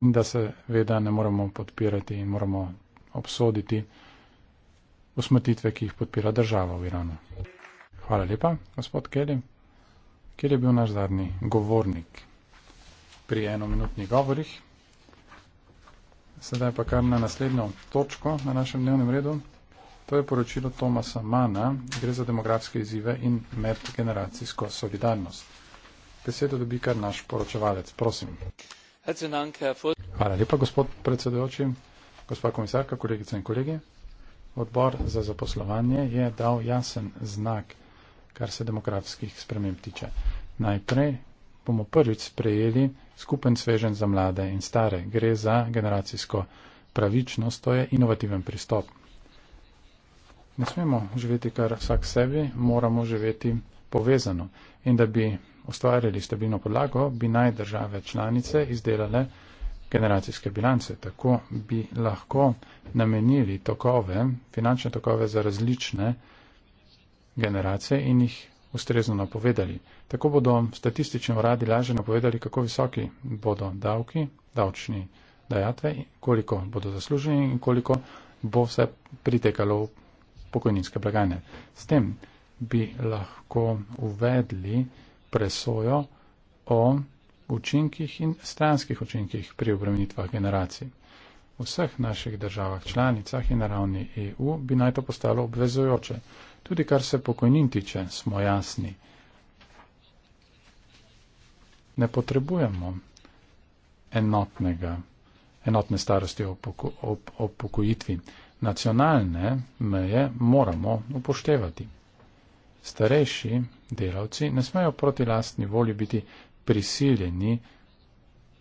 in da se veda ne moramo podpirati in moramo obsoditi usmrtitve, ki jih podpira država v Iranu. Hvala lepa, gospod Kelly. Kjer je bil naš zadnji govornik pri enominutnih govorih? Sedaj pa kar na naslednjo točko na našem dnevnem redu. To je poročilo Tomasa Mana, gre za demografske izzive in medgeneracijsko solidarnost. Besedo dobi kar naš poročevalec, prosim. Hvala lepa, gospod predsedujoči, gospa komisarka, kolegice in kolegi. Odbor za zaposlovanje je dal jasen znak, kar se demografskih sprememb tiče. Najprej bomo prvič sprejeli skupen svežen za mlade in stare. Gre za generacijsko pravičnost, to je inovativen pristop. Ne smemo živeti kar vsak sebi, moramo živeti povezano in da bi ustvarjali stabilno podlago, bi naj države članice izdelale generacijske bilance. Tako bi lahko namenili tokove, finančne tokove za različne generacije in jih ustrezno napovedali. Tako bodo statistični uradi lažje napovedali, kako visoki bodo davki, davčni dajatve, koliko bodo zasluženi in koliko bo vse pritekalo v pokojninske blagajne. S tem bi lahko uvedli presojo o učinkih in stranskih učinkih pri obremenitvah generacij. V vseh naših državah članicah in na ravni EU bi naj to postalo obvezojoče. Tudi kar se pokojnin tiče, smo jasni. Ne potrebujemo enotnega, enotne starosti o upokojitvi. Nacionalne meje moramo upoštevati. Starejši delavci ne smejo proti lastni volji biti prisiljeni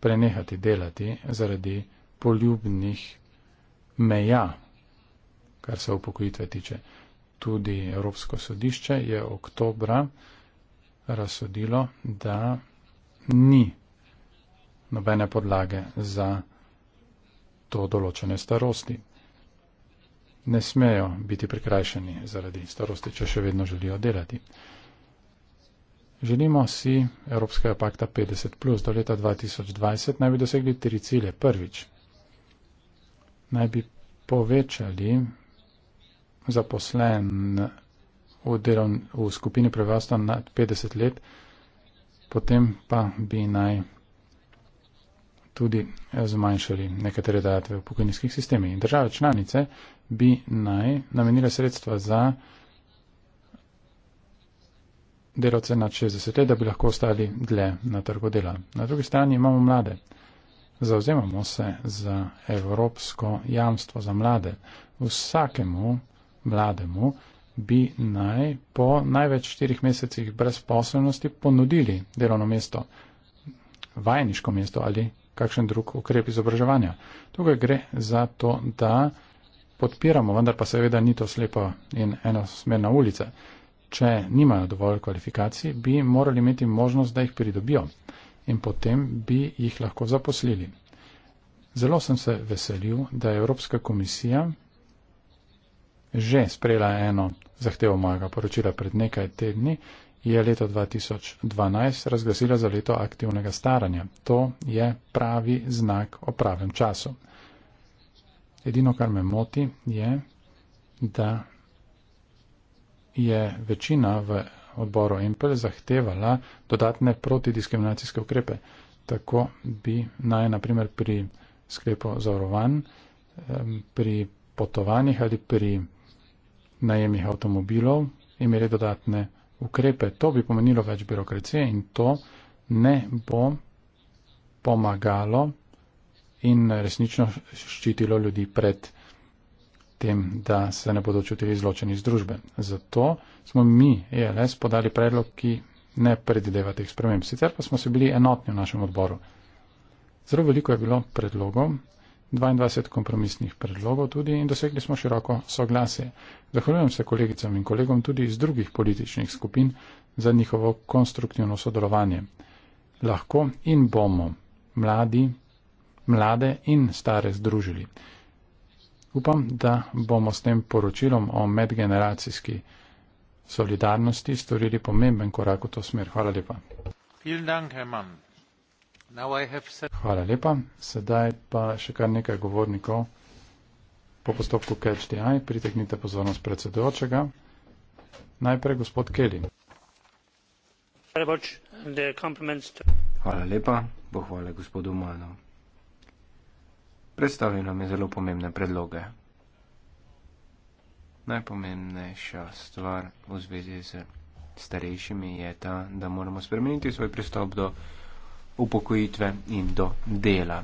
prenehati delati zaradi poljubnih meja, kar se upokojitve tiče. Tudi Evropsko sodišče je oktobra razsodilo, da ni nobene podlage za to določene starosti ne smejo biti prikrajšani zaradi starosti, če še vedno želijo delati. Želimo si Evropskega pakta 50 plus do leta 2020 naj bi dosegli tri cilje. Prvič, naj bi povečali zaposlen v, delov, v skupini prebivalstva nad 50 let, potem pa bi naj tudi eh, zmanjšali nekatere dajatve v pokojninskih sistemih. In države članice bi naj namenile sredstva za delavce nad 60 let, da bi lahko ostali dlje na trgu dela. Na drugi strani imamo mlade. Zauzemamo se za evropsko jamstvo za mlade. Vsakemu mlademu bi naj po največ štirih mesecih brezposobnosti ponudili delovno mesto, vajniško mesto ali kakšen drug ukrep izobraževanja. Tukaj gre za to, da podpiramo, vendar pa seveda ni to slepo in enosmerna ulica. Če nimajo dovolj kvalifikacij, bi morali imeti možnost, da jih pridobijo in potem bi jih lahko zaposlili. Zelo sem se veselil, da je Evropska komisija že sprejela eno zahtevo mojega poročila pred nekaj tedni je leto 2012 razglasila za leto aktivnega staranja. To je pravi znak o pravem času. Edino, kar me moti, je, da je večina v odboru Empel zahtevala dodatne protidiskriminacijske ukrepe. Tako bi naj, na primer, pri sklepu zavarovan, pri potovanjih ali pri najemih avtomobilov imeli dodatne ukrepe, to bi pomenilo več birokracije in to ne bo pomagalo in resnično ščitilo ljudi pred tem, da se ne bodo čutili izločeni iz družbe. Zato smo mi, ELS, podali predlog, ki ne predideva teh sprememb. Sicer pa smo se bili enotni v našem odboru. Zelo veliko je bilo predlogov, 22 kompromisnih predlogov tudi in dosegli smo široko soglasje. Zahvaljujem se kolegicam in kolegom tudi iz drugih političnih skupin za njihovo konstruktivno sodelovanje. Lahko in bomo mladi, mlade in stare združili. Upam, da bomo s tem poročilom o medgeneracijski solidarnosti storili pomemben korak v to smer. Hvala lepa. Vielen Dank, Herr Mann. Hvala lepa. Sedaj pa še kar nekaj govornikov. Po postopku Catch the Eye pritegnite pozornost predsedujočega. Najprej gospod Kelly. Hvala lepa, pohvale gospodu Manu. Predstavil nam je zelo pomembne predloge. Najpomembnejša stvar v zvezi z starejšimi je ta, da moramo spremeniti svoj pristop do upokojitve in do dela.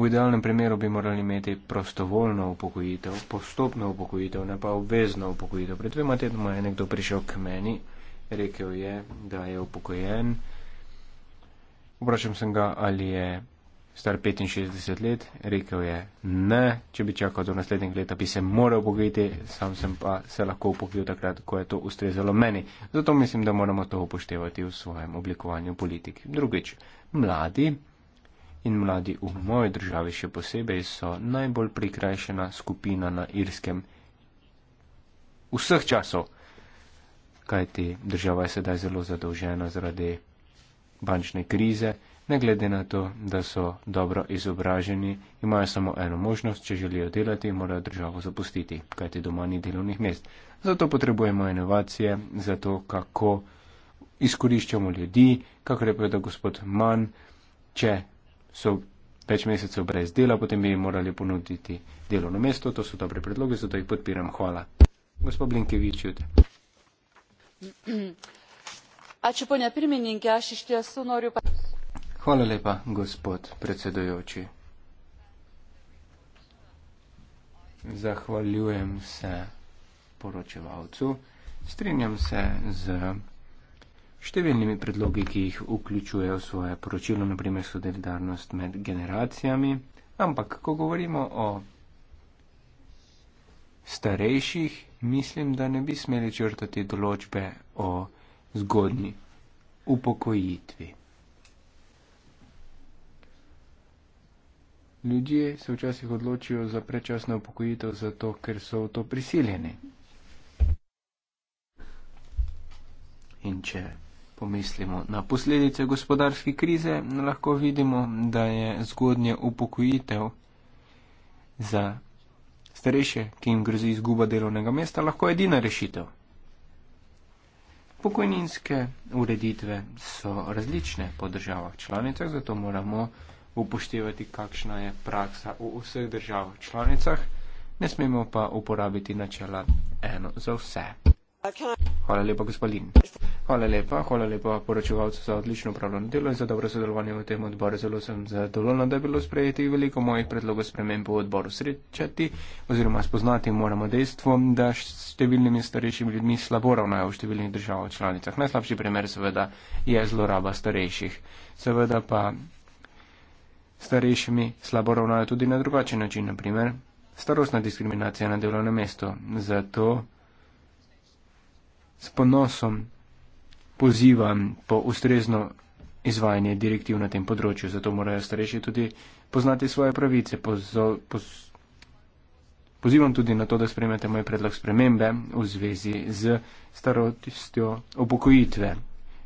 V idealnem primeru bi morali imeti prostovoljno upokojitev, postopno upokojitev, ne pa obvezno upokojitev. Pred dvema tednoma je nekdo prišel k meni, rekel je, da je upokojen. Vprašam sem ga, ali je star 65 let, rekel je ne, če bi čakal do naslednjega leta, bi se moral upogojiti, sam sem pa se lahko upogojil takrat, ko je to ustrezalo meni. Zato mislim, da moramo to upoštevati v svojem oblikovanju politiki. Drugič, mladi in mladi v moji državi še posebej so najbolj prikrajšena skupina na irskem vseh časov, kajti država je sedaj zelo zadolžena zaradi bančne krize ne glede na to, da so dobro izobraženi, imajo samo eno možnost, če želijo delati, morajo državo zapustiti, kajti doma ni delovnih mest. Zato potrebujemo inovacije, zato kako izkoriščamo ljudi, kako je povedal gospod Mann, če so več mesecev brez dela, potem bi jim morali ponuditi delovno mesto, to so dobre predloge, zato jih podpiram. Hvala. Gospod Blinkevič, jute. Ačiū, ponia pirmininkė, aš iš tiesų noriu. Hvala lepa, gospod predsedujoči. Zahvaljujem se poročevalcu. Strinjam se z številnimi predlogi, ki jih vključuje v svoje poročilo, naprimer solidarnost med generacijami. Ampak, ko govorimo o starejših, mislim, da ne bi smeli črtati določbe o zgodni upokojitvi. Ljudje se včasih odločijo za prečasno upokojitev, zato ker so v to prisiljeni. In če pomislimo na posledice gospodarske krize, lahko vidimo, da je zgodnje upokojitev za starejše, ki jim grozi izguba delovnega mesta, lahko edina rešitev. Pokojninske ureditve so različne po državah članicah, zato moramo upoštevati, kakšna je praksa v vseh državah članicah, ne smemo pa uporabiti načela eno za vse. Hvala lepa, gospodin. Hvala lepa, hvala lepa poročevalcu za odlično upravljeno delo in za dobro sodelovanje v tem odboru. Zelo sem zadovoljna, da je bilo sprejeti veliko mojih predlogov sprememb v odboru srečati oziroma spoznati moramo dejstvo, da številnimi starejšimi ljudmi slabo ravnajo v številnih državah članicah. Najslabši primer seveda je zloraba starejših. Seveda pa starejšimi slabo ravnajo tudi na drugačen način, naprimer starostna diskriminacija na delovnem mestu. Zato s ponosom pozivam po ustrezno izvajanje direktiv na tem področju. Zato morajo starejši tudi poznati svoje pravice. Pozo, poz, pozivam tudi na to, da spremete moj predlog spremembe v zvezi z starostjo obokojitve.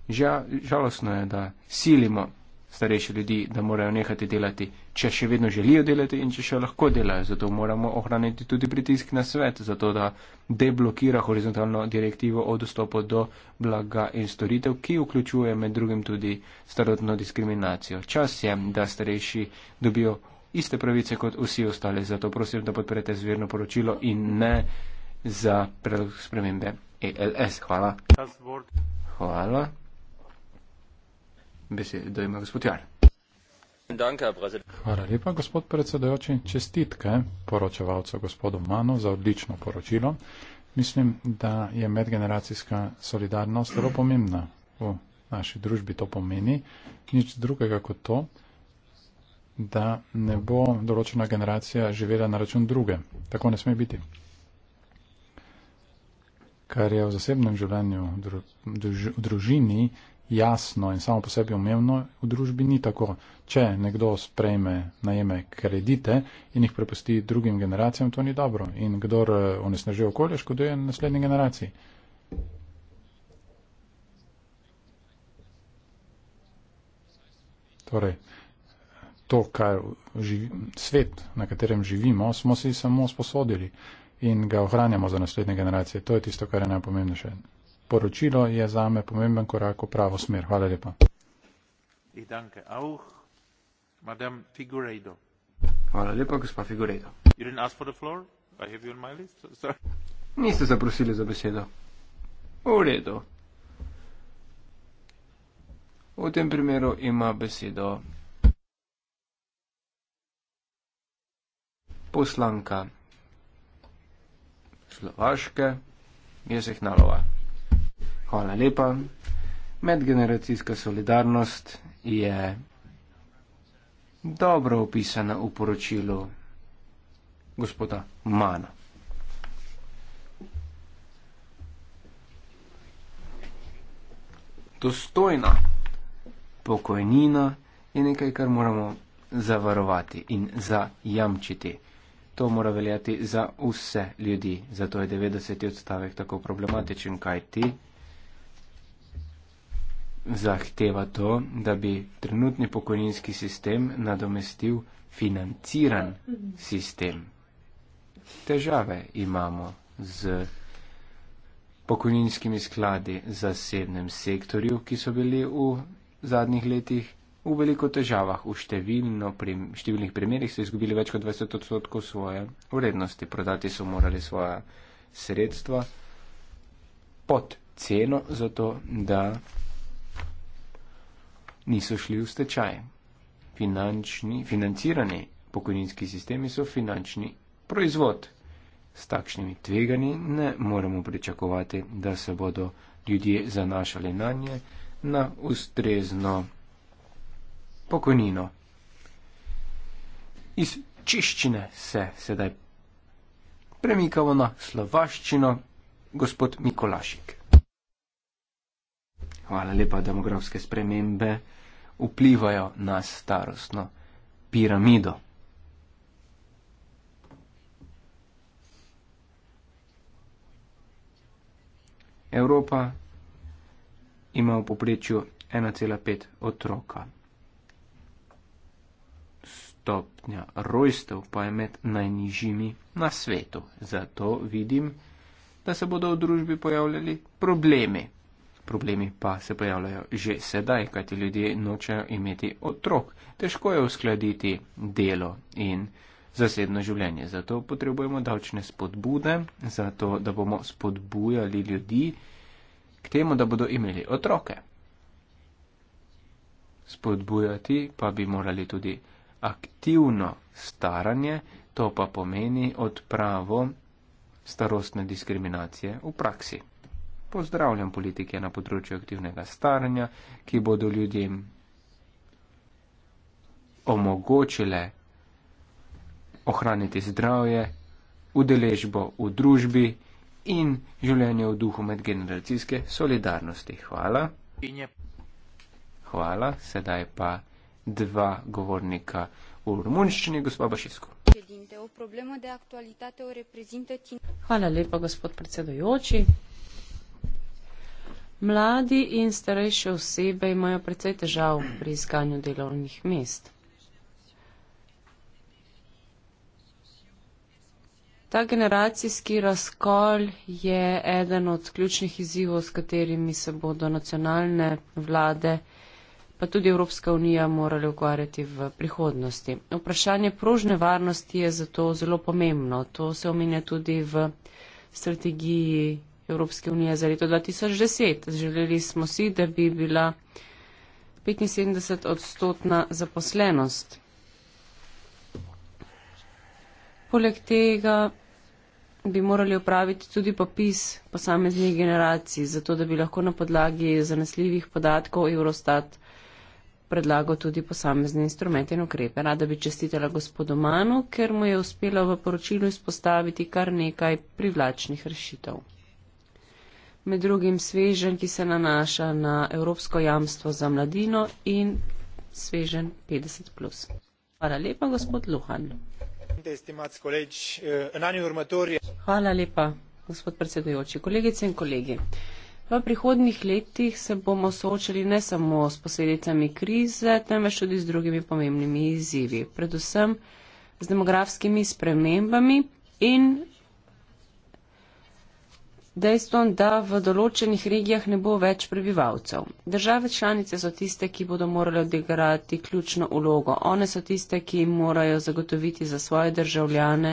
Žal, žalostno je, da silimo starejše ljudi, da morajo nehati delati, če še vedno želijo delati in če še lahko delajo. Zato moramo ohraniti tudi pritisk na svet, zato da deblokira horizontalno direktivo o dostopu do blaga in storitev, ki vključuje med drugim tudi starotno diskriminacijo. Čas je, da starejši dobijo iste pravice kot vsi ostali. Zato prosim, da podprete zverno poročilo in ne za predlog spremembe ELS. Hvala. Hvala besedo ima gospod Jar. Hvala lepa, gospod predsedojoči. Čestitke poročevalcu gospodu Mano za odlično poročilo. Mislim, da je medgeneracijska solidarnost zelo pomembna v naši družbi. To pomeni nič drugega kot to, da ne bo določena generacija živela na račun druge. Tako ne sme biti. Kar je v zasebnem življenju v družini jasno in samo po sebi umevno, v družbi ni tako. Če nekdo sprejme najeme kredite in jih prepusti drugim generacijam, to ni dobro. In kdor eh, onesnaže okolje, škoduje naslednji generaciji. Torej, to, kar živi, svet, na katerem živimo, smo si samo sposodili in ga ohranjamo za naslednje generacije. To je tisto, kar je najpomembnejše poročilo je zame pomemben korak v pravo smer. Hvala lepa. Hvala lepa, gospa Figuredo. Niste zaprosili za besedo. V redu. V tem primeru ima besedo poslanka Slovaške Jezeh Nalova. Hvala lepa. Medgeneracijska solidarnost je dobro opisana v poročilu gospoda Mana. Dostojna pokojnina je nekaj, kar moramo zavarovati in zajamčiti. To mora veljati za vse ljudi, zato je 90. odstavek tako problematičen, kaj ti zahteva to, da bi trenutni pokojninski sistem nadomestil financiran sistem. Težave imamo z pokojninskimi skladi za sednem sektorju, ki so bili v zadnjih letih v veliko težavah. V prim, številnih primerjih so izgubili več kot 20 odstotkov svoje vrednosti, prodati so morali svoja sredstva pod ceno, zato da niso šli v stečaj. Finančni, financirani pokojninski sistemi so finančni proizvod. S takšnimi tveganji ne moremo pričakovati, da se bodo ljudje zanašali na nje na ustrezno pokojnino. Iz čiščine se sedaj premikamo na slovaščino, gospod Mikolašik. Hvala lepa, demografske spremembe vplivajo na starostno piramido. Evropa ima v poprečju 1,5 otroka. Stopnja rojstev pa je med najnižjimi na svetu. Zato vidim, da se bodo v družbi pojavljali problemi. Problemi pa se pojavljajo že sedaj, kajti ljudje nočejo imeti otrok. Težko je uskladiti delo in zasebno življenje. Zato potrebujemo davčne spodbude, zato da bomo spodbujali ljudi k temu, da bodo imeli otroke. Spodbujati pa bi morali tudi aktivno staranje, to pa pomeni odpravo starostne diskriminacije v praksi pozdravljam politike na področju aktivnega staranja, ki bodo ljudem omogočile ohraniti zdravje, udeležbo v družbi in življenje v duhu medgeneracijske solidarnosti. Hvala. Hvala. Sedaj pa dva govornika v rumunščini, gospod Bašisko. Hvala lepa, gospod predsedujoči. Mladi in starejše osebe imajo precej težav pri iskanju delovnih mest. Ta generacijski razkol je eden od ključnih izzivov, s katerimi se bodo nacionalne vlade, pa tudi Evropska unija, morali ukvarjati v prihodnosti. Vprašanje prožne varnosti je zato zelo pomembno. To se omenja tudi v strategiji Evropske unije za leto 2010. Želeli smo si, da bi bila 75 odstotna zaposlenost. Poleg tega bi morali upraviti tudi popis posameznih generacij, zato da bi lahko na podlagi zanesljivih podatkov Eurostat predlagal tudi posamezne instrumente in ukrepe. Rada bi čestitela gospodu Manu, ker mu je uspela v poročilu izpostaviti kar nekaj privlačnih rešitev med drugim svežen, ki se nanaša na Evropsko jamstvo za mladino in svežen 50. Plus. Hvala lepa, gospod Luhan. Hvala lepa, gospod predsedujoči. Kolegice in kolegi, v prihodnih letih se bomo soočili ne samo s posledicami krize, temveč tudi z drugimi pomembnimi izzivi, predvsem z demografskimi spremembami in dejstvom, da v določenih regijah ne bo več prebivalcev. Države članice so tiste, ki bodo morali odigrati ključno ulogo. One so tiste, ki morajo zagotoviti za svoje državljane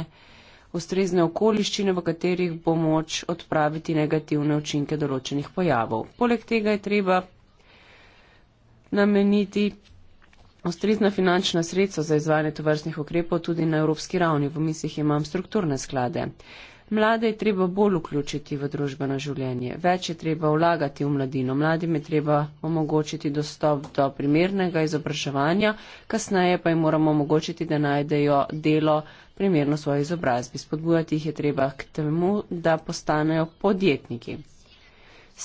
ustrezne okoliščine, v katerih bo moč odpraviti negativne učinke določenih pojavov. Poleg tega je treba nameniti ustrezna finančna sredstva za izvajanje tovrstnih ukrepov tudi na evropski ravni. V mislih imam strukturne sklade. Mlade je treba bolj vključiti v družbeno življenje, več je treba vlagati v mladino, mladim je treba omogočiti dostop do primernega izobraževanja, kasneje pa jim moramo omogočiti, da najdejo delo primerno svoji izobrazbi. Spodbujati jih je treba k temu, da postanejo podjetniki.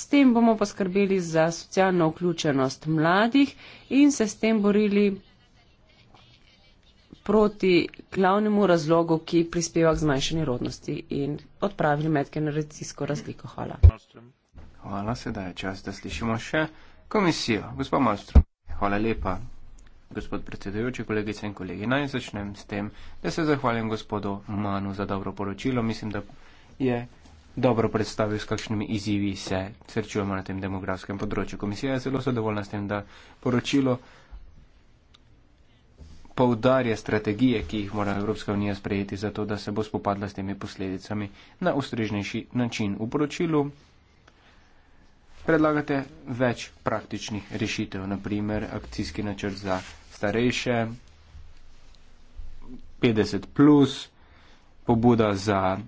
S tem bomo poskrbeli za socialno vključenost mladih in se s tem borili proti glavnemu razlogu, ki prispeva k zmanjšanju rodnosti in odpravili medgeneracijsko razliko. Hvala. Hvala, sedaj je čas, da slišimo še komisijo. Gospod Malstrom, hvala lepa. Gospod predsedujoči, kolegice in kolegi, naj začnem s tem, da se zahvalim gospodu Manu za dobro poročilo. Mislim, da je dobro predstavil, s kakšnimi izzivi se srečujemo na tem demografskem področju. Komisija je zelo zadovoljna s tem, da poročilo poudarja strategije, ki jih mora Evropska unija sprejeti za to, da se bo spopadla s temi posledicami na ustrežnejši način. V poročilu predlagate več praktičnih rešitev, naprimer akcijski načrt za starejše, 50 plus, pobuda za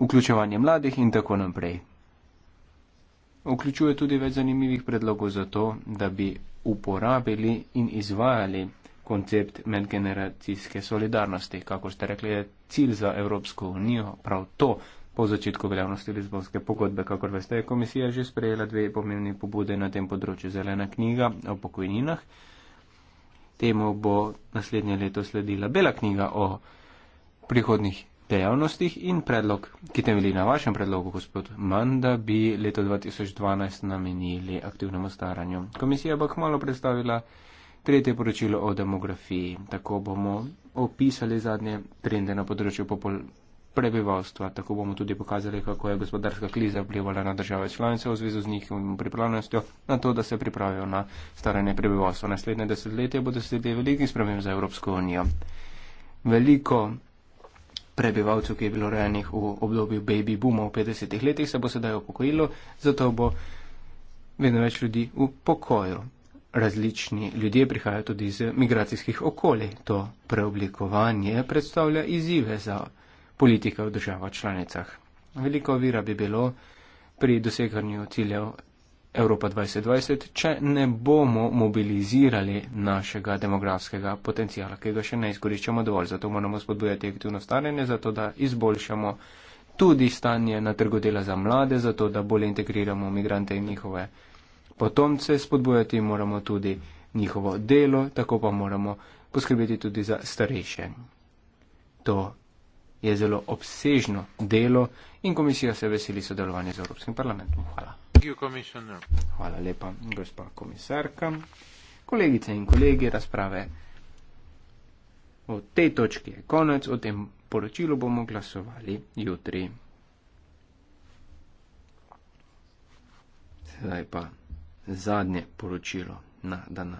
vključevanje mladih in tako naprej. Vključuje tudi več zanimivih predlogov za to, da bi uporabili in izvajali koncept medgeneracijske solidarnosti. Kako ste rekli, je cilj za Evropsko unijo prav to. Po začetku veljavnosti Lizbonske pogodbe, kakor veste, je komisija že sprejela dve pomembni pobude na tem področju. Zelena knjiga o pokojninah. Temu bo naslednje leto sledila bela knjiga o prihodnih dejavnostih in predlog, ki temelji na vašem predlogu, gospod Mann, da bi leto 2012 namenili aktivnemu staranju. Komisija bo kmalo predstavila tretje poročilo o demografiji. Tako bomo opisali zadnje trende na področju prebivalstva. Tako bomo tudi pokazali, kako je gospodarska kriza vplivala na države članice v zvezi z njihovim pripravljenostjo na to, da se pripravijo na staranje prebivalstva. Naslednje desetletje bodo sledili veliki sprememb za Evropsko unijo. Veliko prebivalcev, ki je bilo rejenih v obdobju baby booma v 50-ih letih, se bo sedaj upokojilo, zato bo vedno več ljudi v pokoju različni ljudje prihajajo tudi iz migracijskih okolij. To preoblikovanje predstavlja izzive za politike v državah članicah. Veliko vira bi bilo pri doseganju ciljev Evropa 2020, če ne bomo mobilizirali našega demografskega potencijala, ki ga še ne izkoriščamo dovolj. Zato moramo spodbujati aktivno staranje, zato da izboljšamo tudi stanje na trgu dela za mlade, zato da bolje integriramo migrante in njihove potomce spodbujati moramo tudi njihovo delo, tako pa moramo poskrbeti tudi za starejše. To je zelo obsežno delo in komisija se veseli sodelovanja z Evropskim parlamentom. Hvala. Hvala lepa, gospa komisarka. Kolegice in kolegi, razprave o tej točki je konec, o tem poročilu bomo glasovali jutri. Sedaj pa zadnje poročilo na današnji.